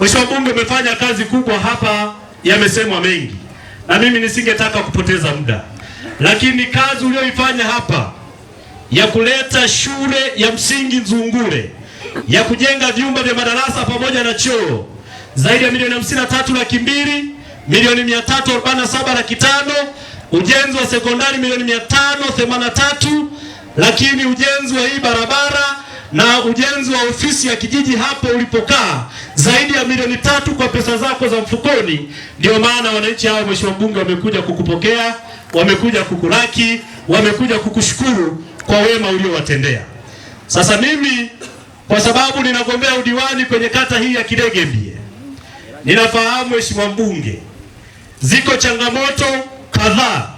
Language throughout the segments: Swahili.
Mheshimiwa Bunge, umefanya kazi kubwa hapa, yamesemwa mengi na mimi nisingetaka kupoteza muda, lakini kazi uliyoifanya hapa ya kuleta shule ya msingi Nzungure, ya kujenga vyumba vya madarasa pamoja na choo zaidi ya milioni hamsini na tatu laki mbili milioni mia tatu arobaini na saba laki tano ujenzi wa sekondari milioni mia tano themanini na tatu lakini ujenzi wa hii barabara na ujenzi wa ofisi ya kijiji hapo ulipokaa zaidi ya milioni tatu kwa pesa zako za mfukoni. Ndio maana wananchi hao, mheshimiwa mbunge, wamekuja kukupokea, wamekuja kukulaki, wamekuja kukushukuru kwa wema uliowatendea. Sasa mimi kwa sababu ninagombea udiwani kwenye kata hii ya Kidege ninafahamu mheshimiwa mbunge, ziko changamoto kadhaa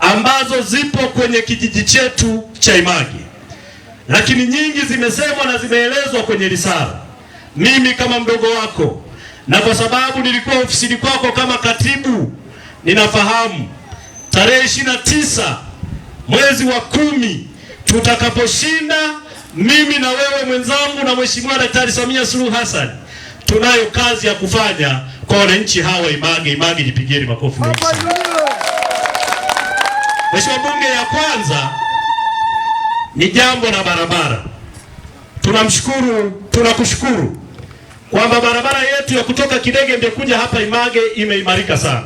ambazo zipo kwenye kijiji chetu cha Image lakini nyingi zimesemwa na zimeelezwa kwenye risala. Mimi kama mdogo wako na kwa sababu nilikuwa ofisini kwako kama katibu, ninafahamu tarehe ishirini na tisa mwezi wa kumi tutakaposhinda mimi na wewe mwenzangu na Mheshimiwa Daktari Samia Suluhu Hassan, tunayo kazi ya kufanya kwa wananchi hawa Image. Image, jipigieni makofi. Mheshimiwa Bunge ya kwanza ni jambo la barabara. Tunamshukuru, tunakushukuru kwamba barabara yetu ya kutoka Kidege ndekuja hapa Image imeimarika sana,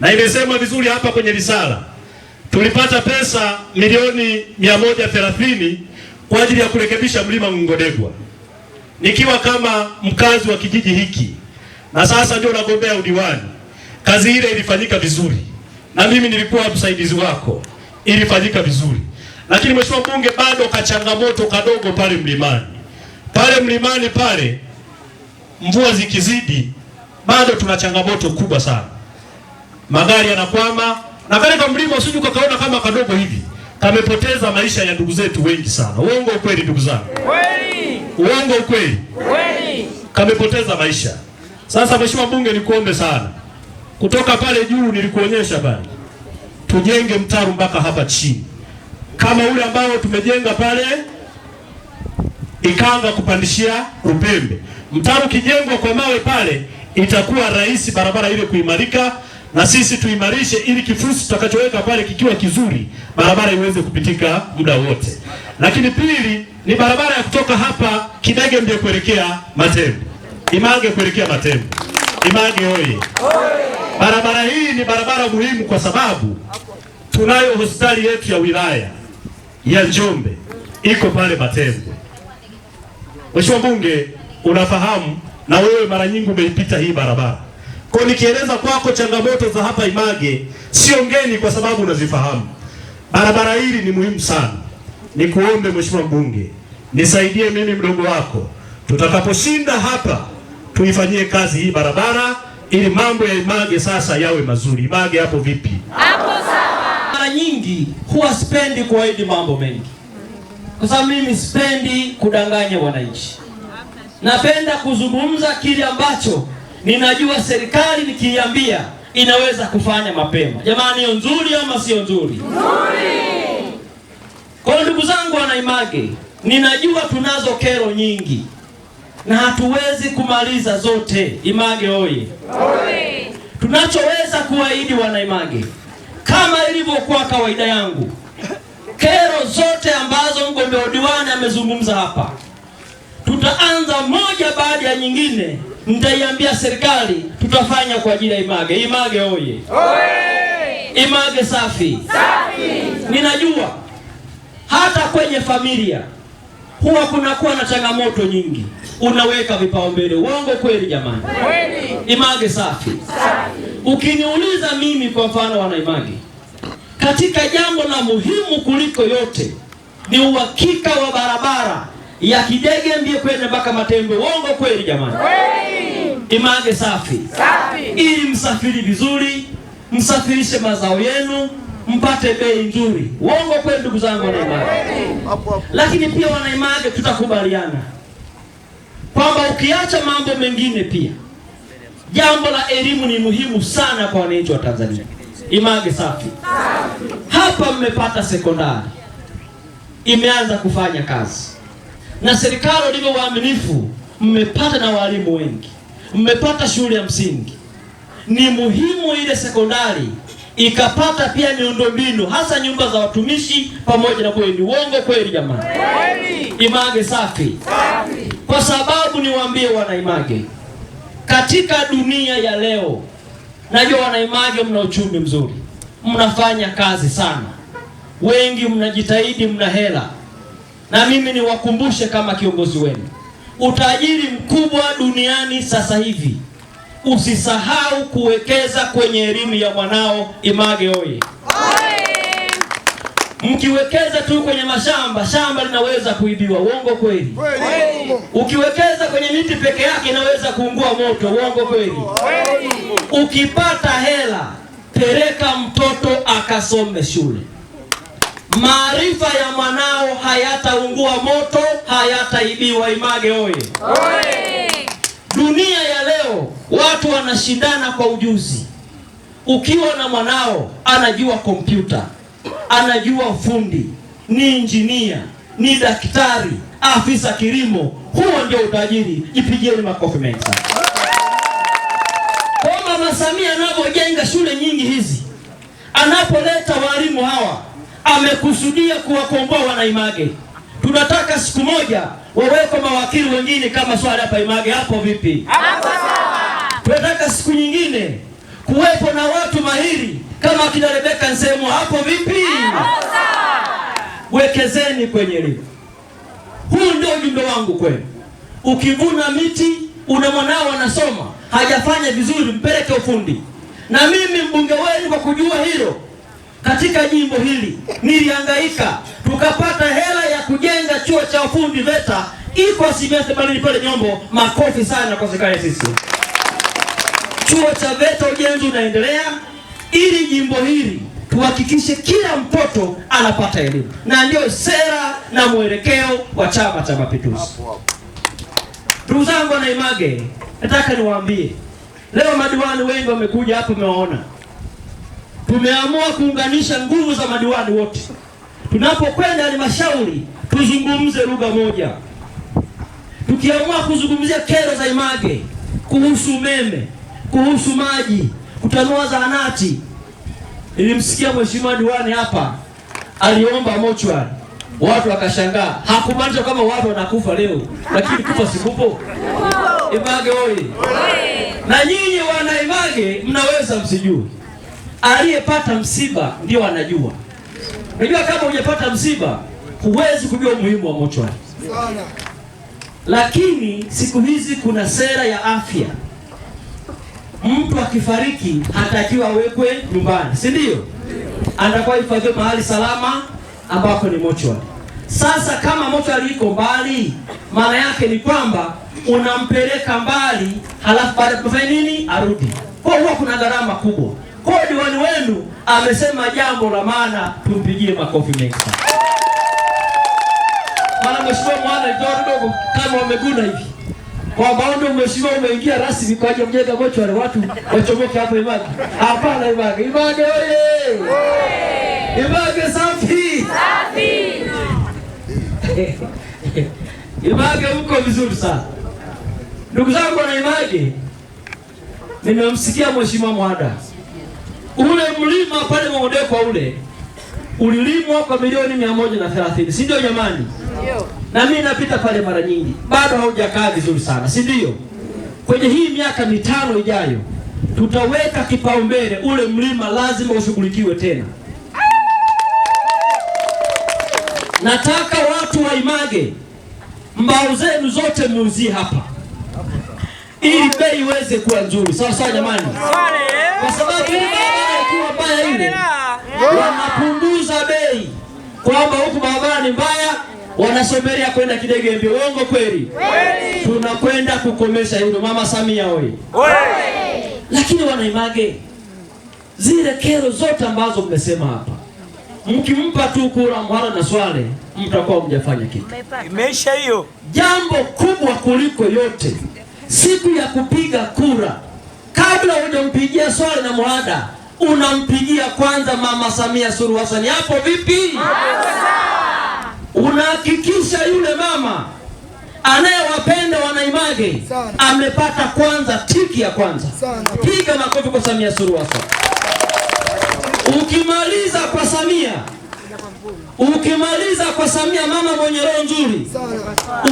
na imesemwa vizuri hapa kwenye risala. Tulipata pesa milioni thelathini kwa ajili ya kurekebisha mlima Ngodegwa, nikiwa kama mkazi wa kijiji hiki, na sasa ndio nagombea udiwani. Kazi ile ilifanyika vizuri, na mimi nilikuwa msaidizi wako, ilifanyika vizuri. Lakini mheshimiwa mbunge, bado kachangamoto kadogo pale mlimani. Pale mlimani pale, mvua zikizidi, bado tuna changamoto kubwa sana, magari yanakwama na kale kwa mlima usiju kaona kama kadogo hivi, kamepoteza maisha ya ndugu zetu wengi sana. Uongo ukweli, ndugu zangu? Kweli. Uongo ukweli? Kweli. Kamepoteza maisha. Sasa mheshimiwa mbunge, nikuombe sana, kutoka pale juu nilikuonyesha pale, tujenge mtaro mpaka hapa chini kama ule ambao tumejenga pale Ikanga kupandishia Upembe. Mtaro kijengwa kwa mawe pale, itakuwa rahisi barabara ile kuimarika, na sisi tuimarishe ili kifusi tutakachoweka pale kikiwa kizuri, barabara iweze kupitika muda wote. Lakini pili ni barabara ya kutoka hapa Kidege ndio kuelekea Matembe, Image kuelekea Matembe, Image oye! Barabara hii ni barabara muhimu kwa sababu tunayo hospitali yetu ya wilaya ya Njombe iko pale Matembwe. Mheshimiwa Bunge, unafahamu na wewe mara nyingi umeipita hii barabara. Kwa nikieleza kwako changamoto za hapa Image sio ngeni, kwa sababu unazifahamu. Barabara hili ni muhimu sana. Nikuombe Mheshimiwa Mbunge, nisaidie mimi mdogo wako, tutakaposhinda hapa tuifanyie kazi hii barabara ili mambo ya Image sasa yawe mazuri. Image hapo vipi hapo? nyingi huwa spendi kuahidi mambo mengi, kwa sababu mimi spendi kudanganya wananchi. Napenda kuzungumza kile ambacho ninajua serikali nikiiambia inaweza kufanya mapema. Jamani, hiyo nzuri ama sio nzuri? Kwa ndugu zangu Wanaimage, ninajua tunazo kero nyingi na hatuwezi kumaliza zote. Image oye! Tunachoweza kuahidi Wanaimage kama ilivyokuwa kawaida yangu, kero zote ambazo mgombea diwani amezungumza hapa, tutaanza moja baada ya nyingine, nitaiambia serikali tutafanya kwa ajili ya Image. Image oye! Image safi, safi. Ninajua hata kwenye familia huwa kunakuwa na changamoto nyingi, unaweka vipaumbele. Uongo kweli? Jamani, Image safi, safi. Ukiniuliza mimi kwa mfano, wanaimagi, katika jambo la muhimu kuliko yote ni uhakika wa barabara ya Kidege ndiye kwenda mpaka Matembe. Uongo kweli jamani? Image safi, safi, ili msafiri vizuri, msafirishe mazao yenu mpate bei nzuri. Uongo kweli ndugu zangu wanaimage? Lakini pia wanaimage, tutakubaliana kwamba ukiacha mambo mengine pia Jambo la elimu ni muhimu sana kwa wananchi wa Tanzania. Image safi hapa, mmepata sekondari imeanza kufanya kazi, na serikali ndivyo waaminifu, mmepata na walimu wengi, mmepata shule ya msingi. Ni muhimu ile sekondari ikapata pia miundombinu hasa nyumba za watumishi pamoja na ni Uongo kweli jamani? Image safi, kwa sababu niwaambie wana Image katika dunia ya leo, najua wanaimage mna uchumi mzuri, mnafanya kazi sana, wengi mnajitahidi, mna hela, na mimi niwakumbushe kama kiongozi wenu, utajiri mkubwa duniani sasa hivi usisahau kuwekeza kwenye elimu ya mwanao. Image oye! Mkiwekeza tu kwenye mashamba, shamba linaweza kuibiwa. Uongo kweli? Ukiwekeza kwenye miti peke yake inaweza kuungua moto. Uongo kweli? Ukipata hela, pereka mtoto akasome shule. Maarifa ya mwanao hayataungua moto, hayataibiwa. Image oye! Dunia ya leo watu wanashindana kwa ujuzi. Ukiwa na mwanao anajua kompyuta anajua fundi, ni injinia, ni daktari, afisa kilimo. Huo ndio utajiri. Jipigieni makofi mengi sana kwa Mama Samia anavyojenga shule nyingi hizi, anapoleta walimu hawa, amekusudia kuwakomboa wanaimage. Tunataka siku moja waweko mawakili wengine kama swali hapa Image. Hapo vipi? Hapo sawa. Tunataka siku nyingine kuwepo na watu mahiri kama kina Rebeka Nsemo. Hapo vipi? Endeni kwenye lile. Huu ndio ujumbe wangu kwenu. Ukivuna miti, una mwanao anasoma, hajafanya vizuri, mpeleke ufundi. Na mimi mbunge wenu kwa kujua hilo, katika jimbo hili nilihangaika, tukapata hela ya kujenga chuo cha ufundi VETA, iko asilimia themanini pale Nyombo. Makofi sana kwa serikali sisi. Chuo cha VETA ujenzi unaendelea ili jimbo hili tuhakikishe kila mtoto anapata elimu, na ndiyo sera na mwelekeo wa Chama cha Mapinduzi. Ndugu zangu Wanaimage, nataka niwaambie leo, madiwani wengi wamekuja hapa, umewaona. Tumeamua kuunganisha nguvu za madiwani wote, tunapokwenda halmashauri tuzungumze lugha moja. Tukiamua kuzungumzia kero za Image kuhusu umeme, kuhusu maji, kutanua zahanati Nilimsikia mheshimiwa diwani hapa aliomba mochwari, watu wakashangaa. Hakumaanisha kama watu wanakufa leo, lakini kufa sikupo. Image oye! Na nyinyi wana Image mnaweza msijue, aliyepata msiba ndio anajua. Unajua, kama hujapata msiba huwezi kujua umuhimu wa mochwari, lakini siku hizi kuna sera ya afya mtu akifariki hatakiwa awekwe nyumbani, si ndio? Atakuwa hifadhiwe mahali salama ambako ni mochwari. Sasa kama mochwari iko mbali, maana yake ni kwamba unampeleka mbali, halafu baada kufanya nini arudi. Kwa hiyo kuna gharama kubwa. Kwa hiyo diwani wenu amesema jambo la maana, tumpigie makofi mengi sana. Mara mheshimiwa mwana dogo kama umeguna hivi kwa maono mheshimiwa, umeingia rasmi kwa ajili mjenga mocho wale watu wachomoke hapo Image. Hapana, Image, Image oye! Image safi safi, Image uko vizuri sana ndugu zangu na Image. Nimemsikia mheshimiwa Mwada, ule mlima pale Mogodekwa ule ulilimwa kwa milioni mia moja na thelathini, si ndio jamani? na mimi napita pale mara nyingi, bado haujakaa vizuri sana, si ndio? Kwenye hii miaka mitano ijayo tutaweka kipaumbele, ule mlima lazima ushughulikiwe tena. Nataka watu wa Image mbao zenu zote muuzie hapa ili bei iweze kuwa nzuri, sawa sawa jamani, kwa sababu ikiwa mbaya ile wanapunguza bei kwamba huku barabara ni mbaya wanasomerea kwenda Kidegembe. Uongo kweli? Tunakwenda kukomesha hilo, Mama Samia oye! Lakini wanaimage zile kero zote ambazo mmesema hapa, mkimpa tu kura Mhara na Swale mtakuwa mjafanya kitu. Imeisha hiyo. Jambo kubwa kuliko yote, siku ya kupiga kura, kabla hujampigia Swale na Mhada, unampigia kwanza Mama Samia Suluhu Hassan. Hapo vipi? Hapo sawa unahakikisha yule mama anayewapenda wanaimage amepata kwanza tiki ya kwanza. Piga makofi kwa Samia Suluhu Ukimaliza kwa Samia, ukimaliza kwa Samia, mama mwenye roho nzuri,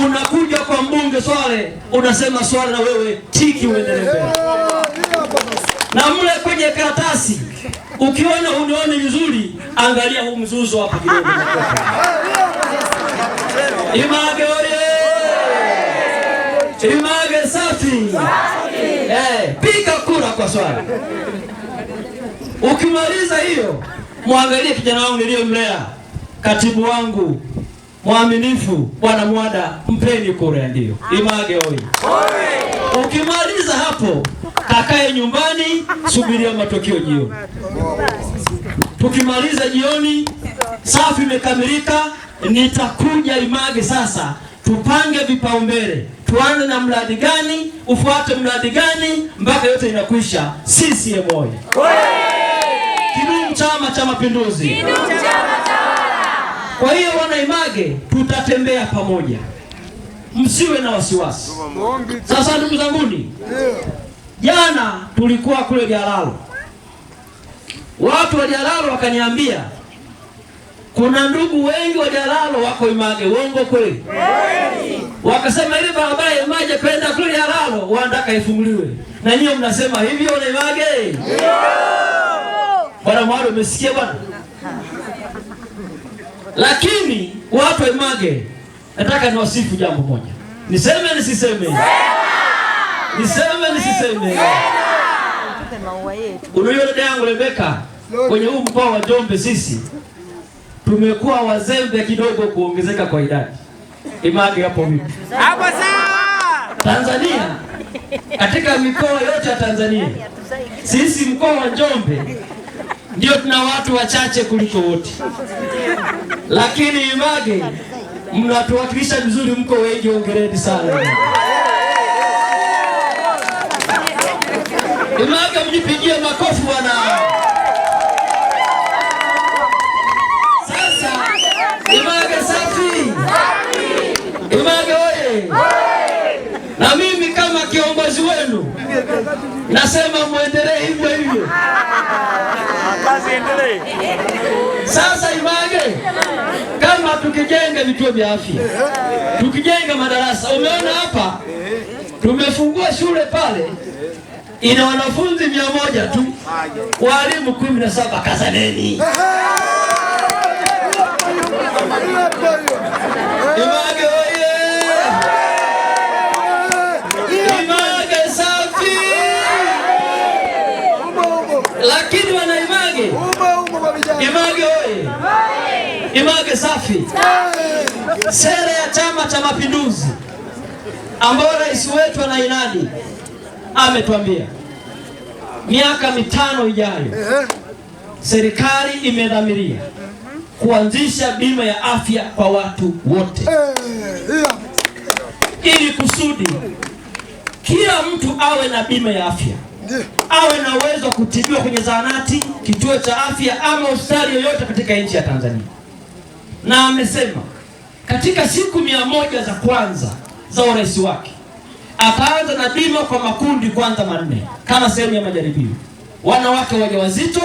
unakuja kwa mbunge Swale, unasema Swale na wewe tiki, uendelee na mle kwenye karatasi. Ukiona unione vizuri, angalia huu mzuzu hapa kidogo Image oye! Image safi! Eh, piga kura kwa swali Ukimaliza hiyo, mwangalie kijana wangu niliyomlea, katibu wangu mwaminifu, bwana Mwada, mpeni kura ya ndio. Image oye! Ukimaliza hapo, kakae nyumbani, subiria matokeo jioni. Tukimaliza jioni, safi imekamilika nitakuja Image sasa, tupange vipaumbele, tuanze na mradi gani, ufuate mradi gani, mpaka yote inakwisha. CCM oyee! Kidumu Chama cha Mapinduzi! Kwa hiyo wana Image, tutatembea pamoja, msiwe na wasiwasi. Sasa ndugu zanguni, jana tulikuwa kule Jalalo, watu wa Jalalo wakaniambia kuna ndugu wengi wa Jalalo wako Image, uongo kweli? Wakasema ile barabara ya Image penda kule Jalalo wanataka ifunguliwe, na nyinyi mnasema hivyo na Image. Bwana Mwaro, umesikia bwana? Lakini watu wa Image, nataka niwasifu jambo moja. Niseme nisiseme? Niseme nisiseme? Unajua dada yangu Rebeka kwenye huu mkoa wa Njombe sisi tumekuwa wazembe kidogo kuongezeka kwa idadi. Image hapo vipi? Hapo sawa. Tanzania katika mikoa yote ya Tanzania, sisi mkoa wa Njombe ndio tuna watu wachache kuliko wote, lakini Image mnatuwakilisha vizuri, mko wengi, hongereni sana. Image mjipigie makofi bwana. Nasema muendelee hivyo hivyo, Sasa Image, kama tukijenga vituo vya afya, tukijenga madarasa, umeona hapa tumefungua shule pale ina wanafunzi mia moja tu, walimu kumi na saba. Kazaneni Image. Image safi. Sera ya Chama cha Mapinduzi ambayo rais wetu anainadi ametuambia miaka mitano ijayo, serikali imedhamiria kuanzisha bima ya afya kwa watu wote ili kusudi kila mtu awe na bima ya afya, awe na uwezo wa kutibiwa kwenye zahanati, kituo cha afya ama hospitali yoyote katika nchi ya Tanzania na amesema katika siku mia moja za kwanza za urais wake akaanza na bima kwa makundi kwanza manne kama sehemu ya majaribio: wanawake wajawazito